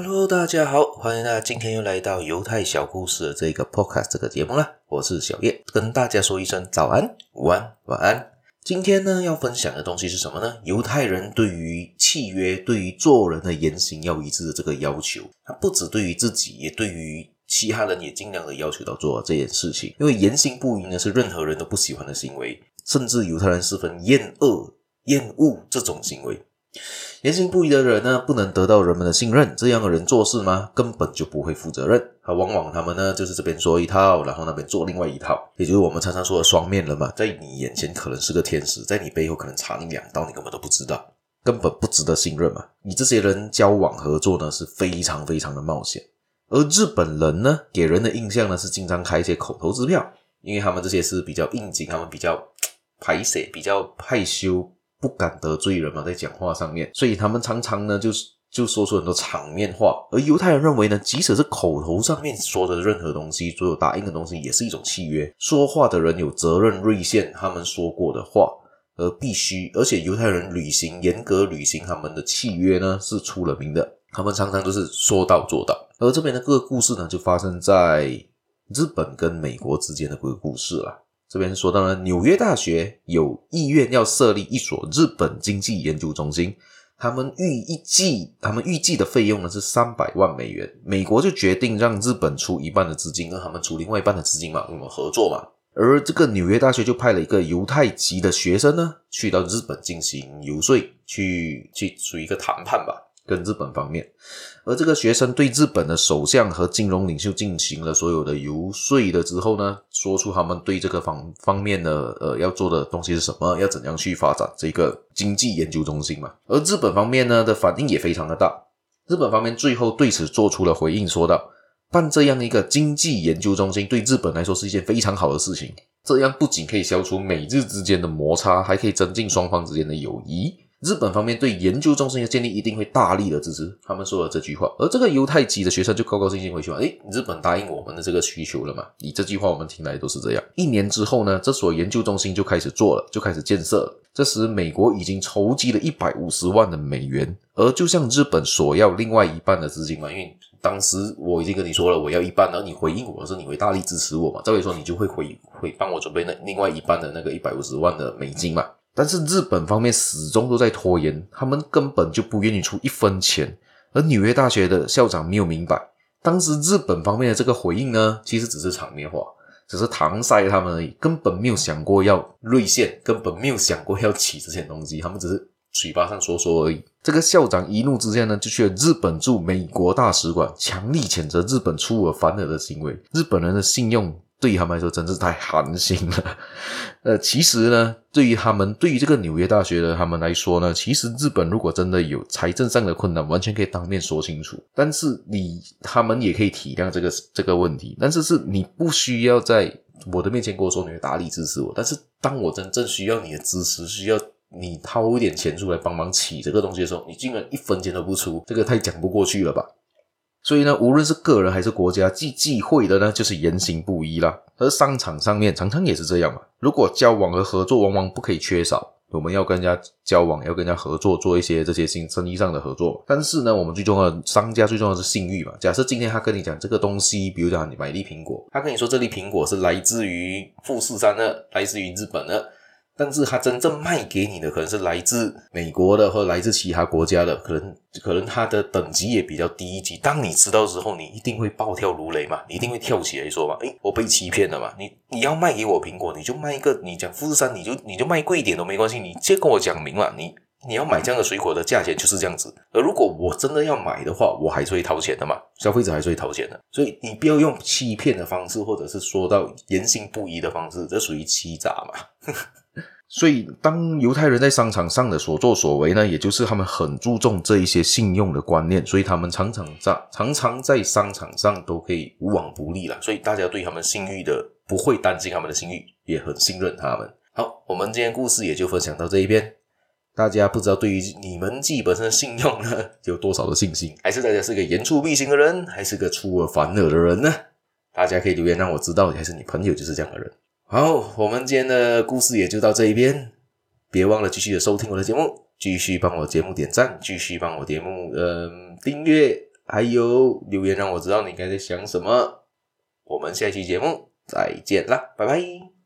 Hello，大家好，歡迎大家今天又來到猶太小故事的這個 podcast 這個節目啦，我是小葉，跟大家說一聲早安、午安、晚安。今天呢，要分享的東西是什麼呢？猶太人對於契約、對於做人的言行要一致的這個要求，他不止對於自己，也對於其他人也儘量的要求到做這件事情。因為言行不一呢，是任何人都不喜歡的行為，甚至猶太人十分厭惡、厭惡這種行為。言行不一的人呢，不能得到人們的信任。這樣的人做事嗎？根本就不會負責任。他、啊、往往他們呢，就是這邊說一套，然後那邊做另外一套，也就是我們常常說的雙面人嘛。在你眼前可能是個天使，在你背後可能插你兩刀，你根本都不知道，根本不值得信任嘛。與這些人交往合作呢，是非常非常的冒險。而日本人呢，給人的印象呢，是經常開一些口頭支票，因為他們這些是比較應景，他們比較排泄，比較害羞。不敢得罪人嘛，在講話上面，所以他們常常呢，就是就說出很多場面話。而猶太人認為呢，即使是口頭上面說的任何東西，所有答應的東西也是一種契約，說話的人有責任兌現他們說過的話，而必須而且猶太人履行、嚴格履行他們的契約呢，是出了名的。他們常常都是說到做到。而這邊的各個故事呢，就發生在日本跟美國之間的各個故事了。這邊說到呢，紐約大學有意願要設立一所日本經濟研究中心，他們預預計，他們預計的費用呢是三百萬美元，美國就決定讓日本出一半的資金，跟他們出另外一半的資金嘛，跟我們合作嘛，而這個紐約大學就派了一個猶太籍的學生呢，去到日本進行游說，去去出一個談判吧。跟日本方面，而這個學生對日本的首相和金融領袖進行了所有的遊說的之後呢，說出他們對這個方方面的呃要做的東西是什麼，要怎樣去發展這個經濟研究中心嘛。而日本方面呢的反應也非常的大，日本方面最後對此做出了回應說，說道：辦這樣一個經濟研究中心對日本來說是一件非常好的事情，這樣不僅可以消除美日之間的摩擦，還可以增進雙方之間的友誼。日本方面對研究中心的建立一定會大力的支持。他們說了這句話，而這個猶太籍的學生就高高興興回去嘛，哎，日本答應我們的這個需求了嘛？你這句話我們聽來都是這樣。一年之後呢，這所研究中心就開始做了，就開始建設了。這時美國已經籌集了一百五十萬的美元，而就向日本索要另外一半的資金嘛？因為當時我已經跟你說了，我要一半，而你回應我的時候，是你會大力支持我嘛？照理說，你就會回回幫我準備那另外一半的那個一百五十萬的美金嘛？但是日本方面始終都在拖延，他們根本就不願意出一分錢。而紐約大學的校長沒有明白，當時日本方面的這個回應呢，其實只是場面話，只是搪塞他們而已，根本沒有想過要兌現，根本沒有想過要起這些東西，他們只是嘴巴上說說而已。這個校長一怒之下呢，就去了日本駐美國大使館，強力譴責日本出爾反爾的行為，日本人的信用。對於他們來說，真是太寒心了。呃，其實呢，對於他們，對於這個紐約大學的他們來說呢，其實日本如果真的有財政上的困難，完全可以當面說清楚。但是你，他們也可以體諒這個這個問題。但是是你不需要在我的面前跟我說你會大力支持我，但是當我真正需要你的支持，需要你掏一點錢出來幫忙起這個東西的時候，你竟然一分錢都不出，這個太講不過去了吧？所以呢，無論是個人還是國家，忌忌諱的呢，就是言行不一啦。而商場上面常常也是這樣嘛。如果交往和合作，往往不可以缺少。我們要跟人家交往，要跟人家合作，做一些這些新生意上的合作。但是呢，我們最重要的商家最重要的是信譽嘛。假設今天他跟你講這個東西，比如講你買一粒蘋果，他跟你說，這粒蘋果是來自於富士山的，來自於日本的。但是它真正賣給你的，可能是來自美國的或來自其他國家的，可能可能它的等級也比較低一級。當你知道之後，你一定會暴跳如雷嘛，你一定會跳起來說嘛：“哎、欸，我被欺騙了嘛！”你你要賣給我蘋果，你就賣一個，你講富士山，你就你就賣貴一點都沒關係，你直接跟我講明嘛。你你要買這樣的水果的價錢就是這樣子。而如果我真的要買的話，我還是會掏錢的嘛，消費者還是會掏錢的。所以你不要用欺騙的方式，或者是說到言行不一的方式，這屬於欺詐嘛。 所以，當猶太人在商場上的所作所為呢，也就是他們很注重這一些信用的觀念，所以他們常常在常常在商場上都可以無往不利啦。所以大家對他們信譽的不會擔心，他們的信譽也很信任他們。好，我們今天的故事也就分享到這一邊。大家不知道對於你們自己本身的信用呢，有多少的信心？還是大家是個言出必行的人，還是個出爾反爾的人呢？大家可以留言讓我知道，你還是你朋友就是這樣的人。好，我們今天的故事也就到這一邊，別忘了繼續的收聽我的節目，繼續幫我節目點讚，繼續幫我節目嗯、呃、訂閱，還有留言讓我知道你該在想什麼。我們下期節目再見啦，拜拜。